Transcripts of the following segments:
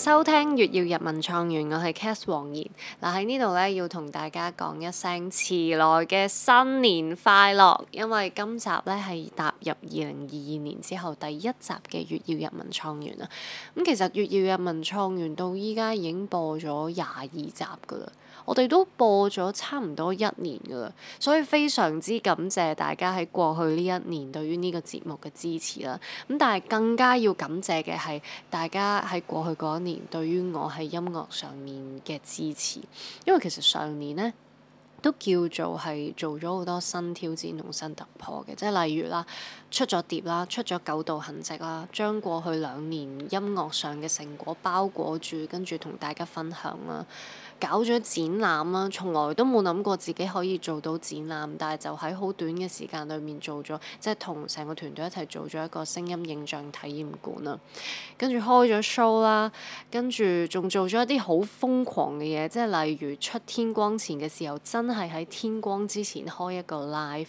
收聽粵語日文創園，我係 Cath 黃妍。嗱、啊、喺呢度咧，要同大家講一聲遲來嘅新年快樂，因為今集咧係踏入二零二二年之後第一集嘅粵語日文創園啊。咁、嗯、其實粵語日文創園到依家已經播咗廿二集噶啦，我哋都播咗差唔多一年噶啦。所以非常之感謝大家喺過去呢一年對於呢個節目嘅支持啦。咁、嗯、但係更加要感謝嘅係大家喺過去嗰一年。對於我喺音樂上面嘅支持，因為其實上年呢都叫做係做咗好多新挑戰，同新突破嘅，即係例如啦，出咗碟啦，出咗《九道痕跡》啦，將過去兩年音樂上嘅成果包裹住，跟住同大家分享啦。搞咗展覽啦，從來都冇諗過自己可以做到展覽，但係就喺好短嘅時間裏面做咗，即係同成個團隊一齊做咗一個聲音影像體驗館啦。跟住開咗 show 啦，跟住仲做咗一啲好瘋狂嘅嘢，即係例如出天光前嘅時候，真係喺天光之前開一個 live。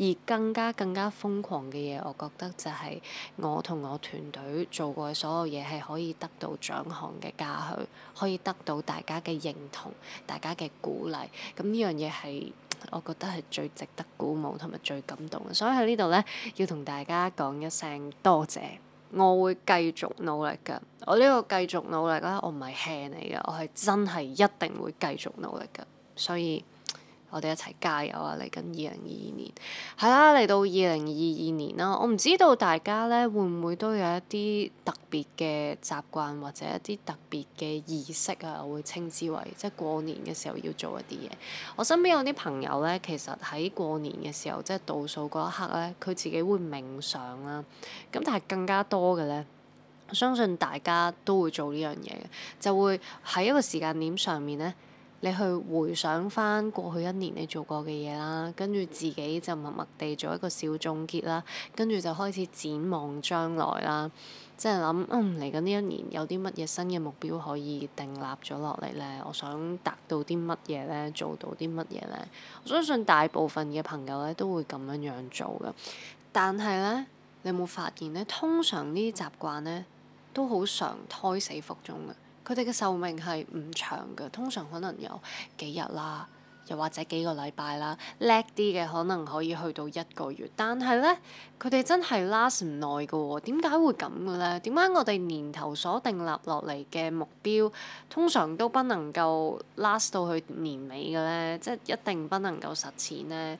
而更加更加瘋狂嘅嘢，我覺得就係我同我團隊做過嘅所有嘢係可以得到獎項嘅嘉許，可以得到大家嘅認同大家嘅鼓勵，咁呢樣嘢係我覺得係最值得鼓舞同埋最感動，所以喺呢度呢，要同大家講一聲多謝。我會繼續努力噶，我呢個繼續努力啦。我唔係 hea 你噶，我係真係一定會繼續努力噶，所以。我哋一齊加油啊！嚟緊二零二二年，係啦，嚟到二零二二年啦，我唔知道大家咧會唔會都有一啲特別嘅習慣或者一啲特別嘅儀式啊，我會稱之為即係過年嘅時候要做一啲嘢。我身邊有啲朋友咧，其實喺過年嘅時候，即係倒數嗰一刻咧，佢自己會冥想啦。咁但係更加多嘅咧，我相信大家都會做呢樣嘢嘅，就會喺一個時間點上面咧。你去回想翻過去一年你做過嘅嘢啦，跟住自己就默默地做一個小總結啦，跟住就開始展望將來啦，即係諗，嗯，嚟緊呢一年有啲乜嘢新嘅目標可以訂立咗落嚟呢？我想達到啲乜嘢呢？做到啲乜嘢呢？我相信大部分嘅朋友咧都會咁樣樣做嘅，但係呢，你有冇發現呢？通常呢啲習慣呢，都好常胎死腹中嘅。佢哋嘅壽命係唔長嘅，通常可能有幾日啦，又或者幾個禮拜啦，叻啲嘅可能可以去到一個月，但係呢，佢哋真係 last 唔耐嘅喎，點解會咁嘅呢？點解我哋年頭所定立落嚟嘅目標，通常都不能夠 last 到去年尾嘅呢？即係一定不能夠實踐呢。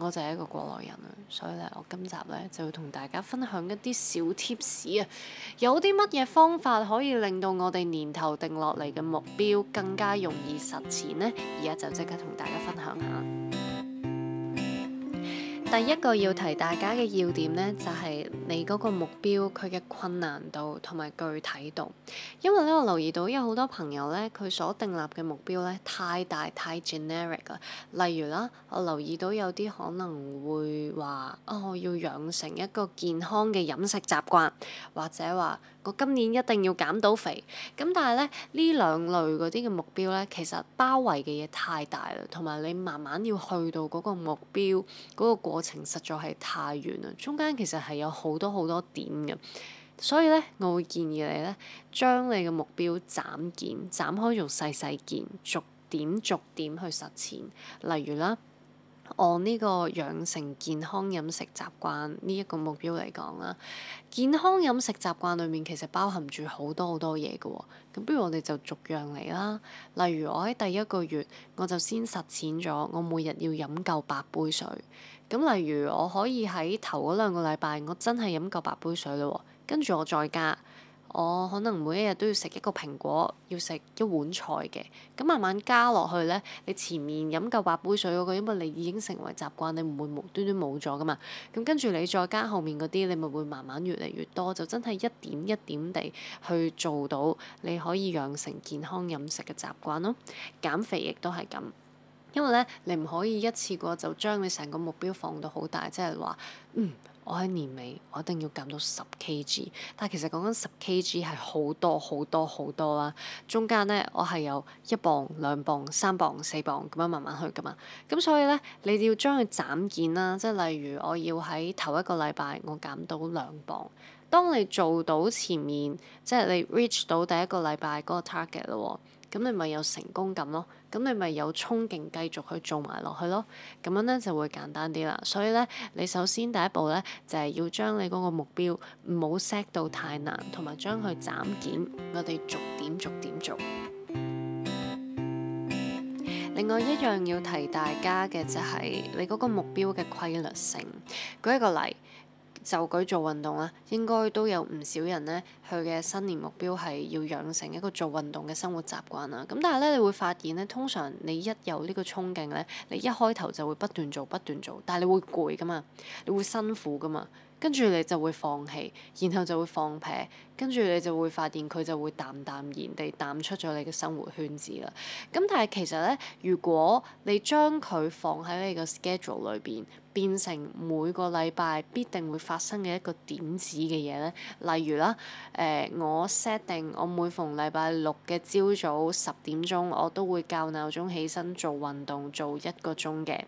我就係一個過來人啊，所以咧，我今集咧就會同大家分享一啲小貼士啊。有啲乜嘢方法可以令到我哋年頭定落嚟嘅目標更加容易實踐呢？而家就即刻同大家分享下。第一個要提大家嘅要點呢，就係、是、你嗰個目標佢嘅困難度同埋具體度。因為咧，我留意到有好多朋友呢，佢所定立嘅目標呢，太大太 generic 啦。例如啦，我留意到有啲可能會話：啊、哦，我要養成一個健康嘅飲食習慣，或者話，我今年一定要減到肥，咁但係咧呢兩類嗰啲嘅目標咧，其實包圍嘅嘢太大啦，同埋你慢慢要去到嗰個目標嗰個過程實在係太遠啦，中間其實係有好多好多點嘅，所以咧我會建議你咧將你嘅目標斬件斬開做細細件，逐點逐點去實踐，例如啦。按呢個養成健康飲食習慣呢一個目標嚟講啦，健康飲食習慣裏面其實包含住好多好多嘢嘅喎。咁不如我哋就逐樣嚟啦。例如我喺第一個月，我就先實踐咗，我每日要飲夠八杯水。咁例如我可以喺頭嗰兩個禮拜，我真係飲夠八杯水嘞喎，跟住我再加。我可能每一日都要食一個蘋果，要食一碗菜嘅，咁慢慢加落去呢，你前面飲夠八杯水嗰個，因為你已經成為習慣，你唔會無端端冇咗㗎嘛。咁跟住你再加後面嗰啲，你咪會慢慢越嚟越多，就真係一點一點地去做到，你可以養成健康飲食嘅習慣咯。減肥亦都係咁，因為呢，你唔可以一次過就將你成個目標放到好大，即係話嗯。我喺年尾，我一定要減到十 kg，但係其實講緊十 kg 係好多好多好多啦。中間咧，我係有一磅、兩磅、三磅、四磅咁樣慢慢去噶嘛。咁所以咧，你要將佢斬件啦，即係例如我要喺頭一個禮拜我減到兩磅。當你做到前面，即係你 reach 到第一個禮拜嗰個 target 啦。咁你咪有成功感咯，咁你咪有衝勁繼續去做埋落去咯，咁樣呢就會簡單啲啦。所以呢，你首先第一步呢，就係要將你嗰個目標唔好 set 到太難，同埋將佢斬件。我哋逐點逐點做。另外一樣要提大家嘅就係你嗰個目標嘅規律性。舉一個例。就舉做運動啦，應該都有唔少人咧，佢嘅新年目標係要養成一個做運動嘅生活習慣啦。咁但係咧，你會發現咧，通常你一有個憧憬呢個衝勁咧，你一開頭就會不斷做不斷做，但係你會攰噶嘛，你會辛苦噶嘛。跟住你就會放棄，然後就會放屁。跟住你就會發現佢就會淡淡然地淡出咗你嘅生活圈子啦。咁但係其實咧，如果你將佢放喺你個 schedule 裏邊，變成每個禮拜必定會發生嘅一個點子嘅嘢咧，例如啦，誒、呃、我 set 定我每逢禮拜六嘅朝早十點鐘，我都會校鬧鐘起身做運動做一個鐘嘅。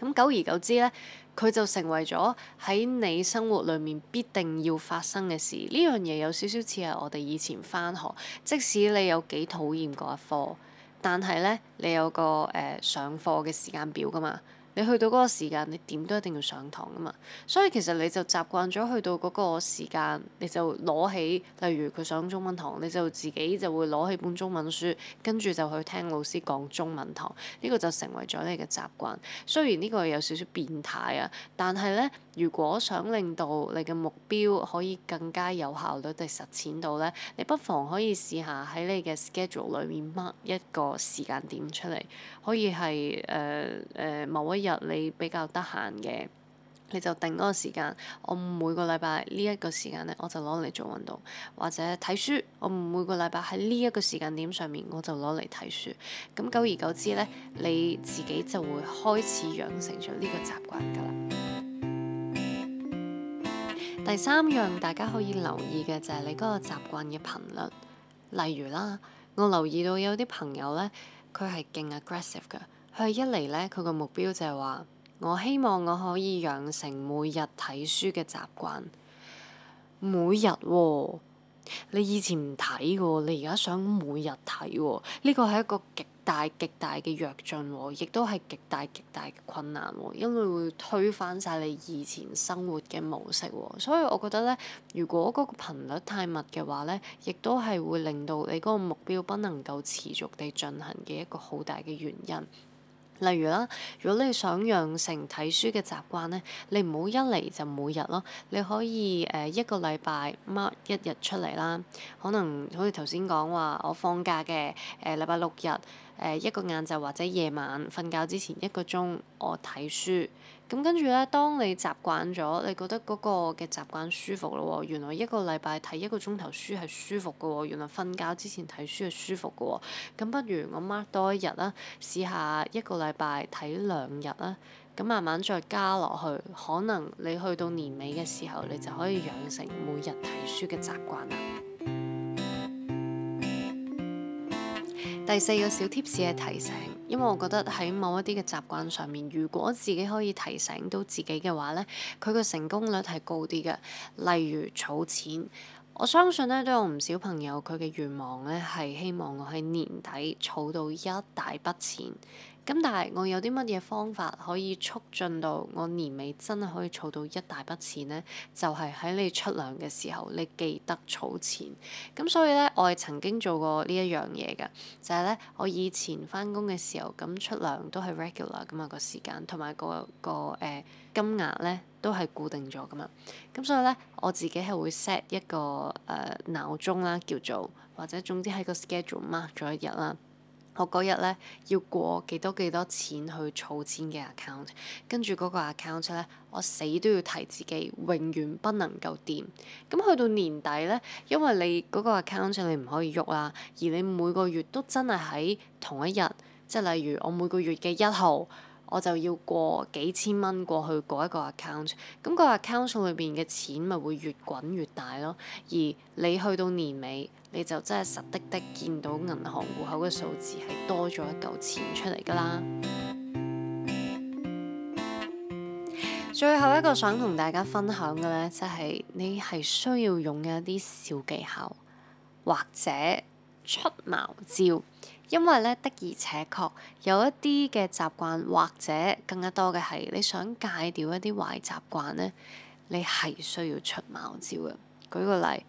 咁久而久之咧。佢就成為咗喺你生活裏面必定要發生嘅事。呢樣嘢有少少似係我哋以前返學，即使你有幾討厭嗰一科，但係咧你有個誒、呃、上課嘅時間表㗎嘛。你去到嗰個時間，你點都一定要上堂噶嘛。所以其實你就習慣咗去到嗰個時間，你就攞起，例如佢上中文堂，你就自己就會攞起本中文書，跟住就去聽老師講中文堂。呢個就成為咗你嘅習慣。雖然呢個有少少變態啊，但係咧，如果想令到你嘅目標可以更加有效率地實踐到咧，你不妨可以試下喺你嘅 schedule 裏面 mark 一個時間點出嚟，可以係誒誒某一日。日你比較得閒嘅，你就定嗰個時間。我每個禮拜呢一個時間呢，我就攞嚟做運動，或者睇書。我每個禮拜喺呢一個時間點上面，我就攞嚟睇書。咁久而久之呢，你自己就會開始養成咗呢個習慣㗎啦。第三樣大家可以留意嘅，就係你嗰個習慣嘅頻率，例如啦，我留意到有啲朋友呢，佢係勁 aggressive 嘅。佢一嚟咧，佢個目標就係話：我希望我可以養成每日睇書嘅習慣。每日喎，你以前唔睇嘅喎，你而家想每日睇喎，呢個係一個極大極大嘅躍進喎，亦都係極大極大嘅困難喎，因為會推翻晒你以前生活嘅模式喎，所以我覺得咧，如果嗰個頻率太密嘅話咧，亦都係會令到你嗰個目標不能夠持續地進行嘅一個好大嘅原因。例如啦，如果你想養成睇書嘅習慣咧，你唔好一嚟就每日咯，你可以誒一個禮拜 mark 一日出嚟啦，可能好似頭先講話我放假嘅誒禮拜六日誒、呃、一個晏晝或者夜晚瞓覺之前一個鐘我睇書。咁跟住咧，當你習慣咗，你覺得嗰個嘅習慣舒服咯，原來一個禮拜睇一個鐘頭書係舒服嘅，原來瞓覺之前睇書係舒服嘅，咁不如我 mark 多一日啦，試下一個禮拜睇兩日啦，咁慢慢再加落去，可能你去到年尾嘅時候，你就可以養成每日睇書嘅習慣啦。第四個小 tips 係提醒，因為我覺得喺某一啲嘅習慣上面，如果自己可以提醒到自己嘅話呢，佢個成功率係高啲嘅，例如儲錢。我相信咧都有唔少朋友，佢嘅願望咧係希望我喺年底儲到一大筆錢。咁但係我有啲乜嘢方法可以促進到我年尾真係可以儲到一大筆錢咧？就係、是、喺你出糧嘅時候，你記得儲錢。咁所以咧，我係曾經做過呢一樣嘢㗎。就係、是、咧，我以前返工嘅時候，咁出糧都係 regular 㗎嘛個時間同埋個、那個誒、呃、金額咧。都係固定咗噶嘛，咁所以咧，我自己係會 set 一個誒、呃、鬧鐘啦，叫做或者總之喺個 schedule mark 咗一日啦。我嗰日咧要過幾多幾多少錢去儲錢嘅 account。跟住嗰個 account 咧，我死都要提自己永遠不能夠掂。咁去到年底咧，因為你嗰個 account 你唔可以喐啦，而你每個月都真係喺同一日，即係例如我每個月嘅一號。我就要過幾千蚊過去嗰一個 account，咁個 account 裏邊嘅錢咪會越滾越大咯。而你去到年尾，你就真係實滴滴見到銀行戶口嘅數字係多咗一嚿錢出嚟㗎啦。最後一個想同大家分享嘅呢，就係、是、你係需要用有一啲小技巧或者出茅招。因為咧，的而且確有一啲嘅習慣，或者更加多嘅係你想戒掉一啲壞習慣咧，你係需要出貓招嘅。舉個例，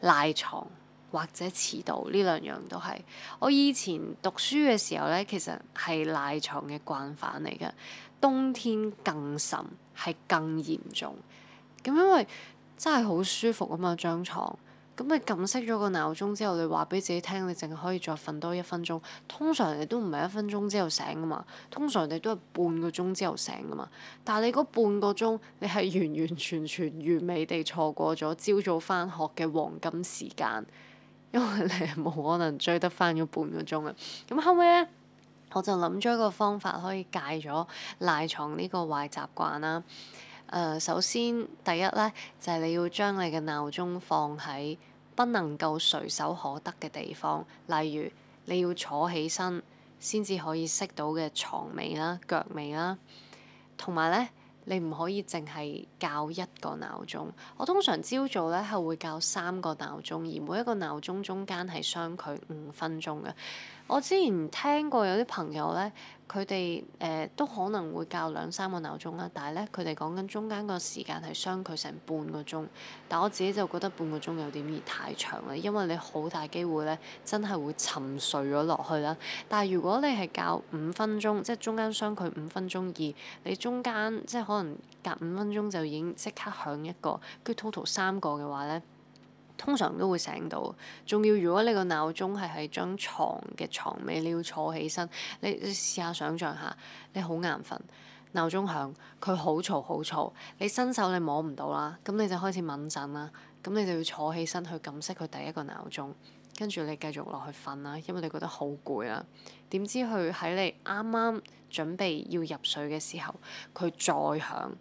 賴床或者遲到呢兩樣都係。我以前讀書嘅時候咧，其實係賴床嘅慣犯嚟嘅，冬天更甚，係更嚴重。咁因為真係好舒服啊嘛，張床。咁你撳熄咗個鬧鐘之後，你話俾自己聽，你淨係可以再瞓多一分鐘。通常你都唔係一分鐘之後醒噶嘛，通常你都係半個鐘之後醒噶嘛。但係你嗰半個鐘，你係完完全全完美地錯過咗朝早翻學嘅黃金時間，因為你係冇可能追得翻嗰半個鐘啊。咁後尾咧，我就諗咗一個方法可以戒咗賴床呢個壞習慣啦。誒、呃，首先第一咧，就係、是、你要將你嘅鬧鐘放喺，不能夠隨手可得嘅地方，例如你要坐起身先至可以識到嘅床尾啦、腳尾啦，同埋呢，你唔可以淨係校一個鬧鐘。我通常朝早呢係會校三個鬧鐘，而每一個鬧鐘中間係相距五分鐘嘅。我之前聽過有啲朋友呢，佢哋誒都可能會校兩三個鬧鐘啦，但係咧佢哋講緊中間個時間係相距成半個鐘，但我自己就覺得半個鐘有點兒太長啦，因為你好大機會咧真係會沉睡咗落去啦。但係如果你係校五分鐘，即係中間相距五分鐘二，你中間即係可能隔五分鐘就已經即刻響一個，跟住 total 三個嘅話咧。通常都會醒到，仲要如果你個鬧鐘係喺張床嘅床尾，你要坐起身，你你試下想像下，你好眼瞓，鬧鐘響，佢好嘈好嘈，你伸手你摸唔到啦，咁你就開始敏震啦，咁你就要坐起身去㩒熄佢第一個鬧鐘，跟住你繼續落去瞓啦，因為你覺得好攰啦，點知佢喺你啱啱準備要入睡嘅時候，佢再響。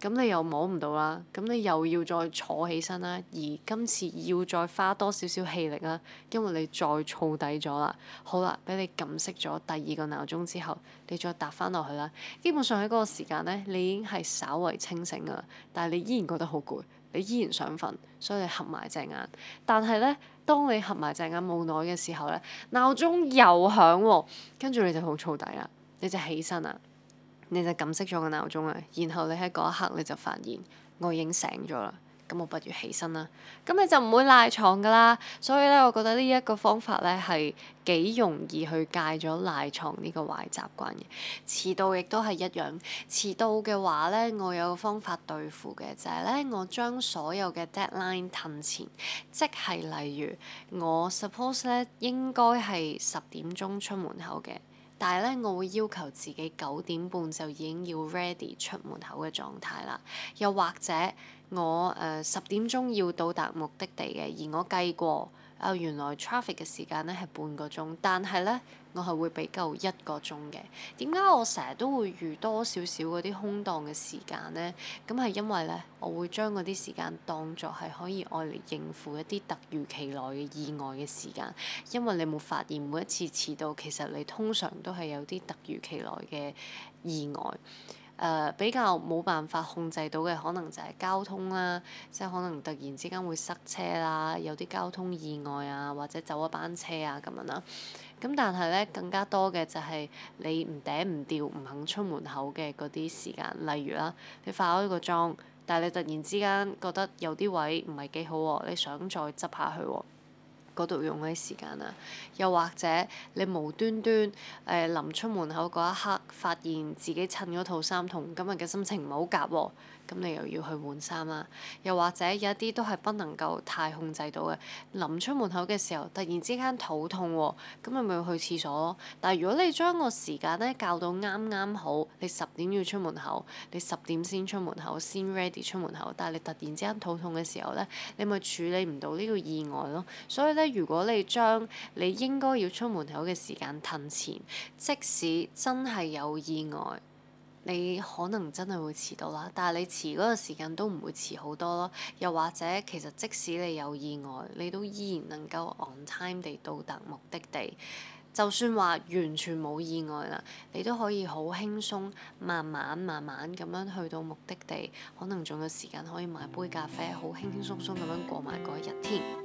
咁你又摸唔到啦，咁你又要再坐起身啦，而今次要再花多少少氣力啦，因為你再燥底咗啦。好啦，俾你撳熄咗第二個鬧鐘之後，你再搭翻落去啦。基本上喺嗰個時間咧，你已經係稍為清醒噶啦，但係你依然覺得好攰，你依然想瞓，所以你合埋隻眼。但係咧，當你合埋隻眼冇耐嘅時候咧，鬧鐘又響喎，跟住你就好燥底啦，你就起身啦。你就撳熄咗個鬧鐘啊，然後你喺嗰一刻，你就發現我已經醒咗啦，咁我不如起身啦，咁你就唔會賴床噶啦。所以咧，我覺得呢一個方法咧係幾容易去戒咗賴床呢個壞習慣嘅。遲到亦都係一樣，遲到嘅話咧，我有個方法對付嘅就係咧，我將所有嘅 deadline 褪前，即係例如我 suppose 咧應該係十點鐘出門口嘅。但係咧，我會要求自己九點半就已經要 ready 出門口嘅狀態啦。又或者我誒十點鐘要到達目的地嘅，而我計過。啊、哦，原來 traffic 嘅時間咧係半個鐘，但係咧我係會俾夠一個鐘嘅。點解我成日都會預多少少嗰啲空檔嘅時間咧？咁係因為咧，我會將嗰啲時間當作係可以愛嚟應付一啲突如其來嘅意外嘅時間。因為你冇發現每一次遲到，其實你通常都係有啲突如其來嘅意外。誒比較冇辦法控制到嘅，可能就係交通啦，即係可能突然之間會塞車啦，有啲交通意外啊，或者走咗班車啊咁樣啦。咁但係咧，更加多嘅就係你唔嗲唔吊，唔肯出門口嘅嗰啲時間，例如啦，你化開個妝，但係你突然之間覺得有啲位唔係幾好喎，你想再執下佢喎，嗰度用嗰啲時間啊，又或者你無端端誒、呃、臨出門口嗰一刻，發現自己襯嗰套衫同今日嘅心情唔係好夾喎。咁你又要去換衫啦，又或者有一啲都係不能夠太控制到嘅。臨出門口嘅時候，突然之間肚痛喎、哦，咁咪要去廁所咯。但係如果你將個時間咧校到啱啱好，你十點要出門口，你十點先出門口先 ready 出門口。但係你突然之間肚痛嘅時候咧，你咪處理唔到呢個意外咯。所以咧，如果你將你應該要出門口嘅時間褪前，即使真係有意外。你可能真係會遲到啦，但係你遲嗰個時間都唔會遲好多咯。又或者，其實即使你有意外，你都依然能夠 on time 地到達目的地。就算話完全冇意外啦，你都可以好輕鬆，慢慢慢慢咁樣去到目的地，可能仲有時間可以買杯咖啡，好輕輕鬆鬆咁樣過埋嗰一日添。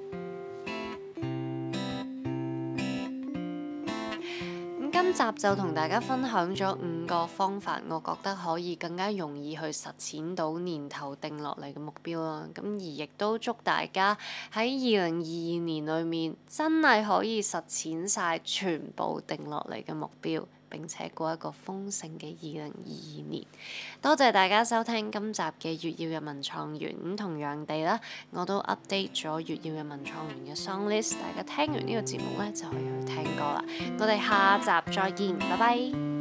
今集就同大家分享咗五個方法，我覺得可以更加容易去實踐到年頭定落嚟嘅目標啦。咁而亦都祝大家喺二零二二年裏面，真係可以實踐晒全部定落嚟嘅目標。並且過一個豐盛嘅二零二二年，多謝大家收聽今集嘅粵耀嘅文創園。咁同樣地啦，我都 update 咗粵耀嘅文創園嘅 song list，大家聽完呢個節目咧就可以去聽歌啦。我哋下集再見，拜拜。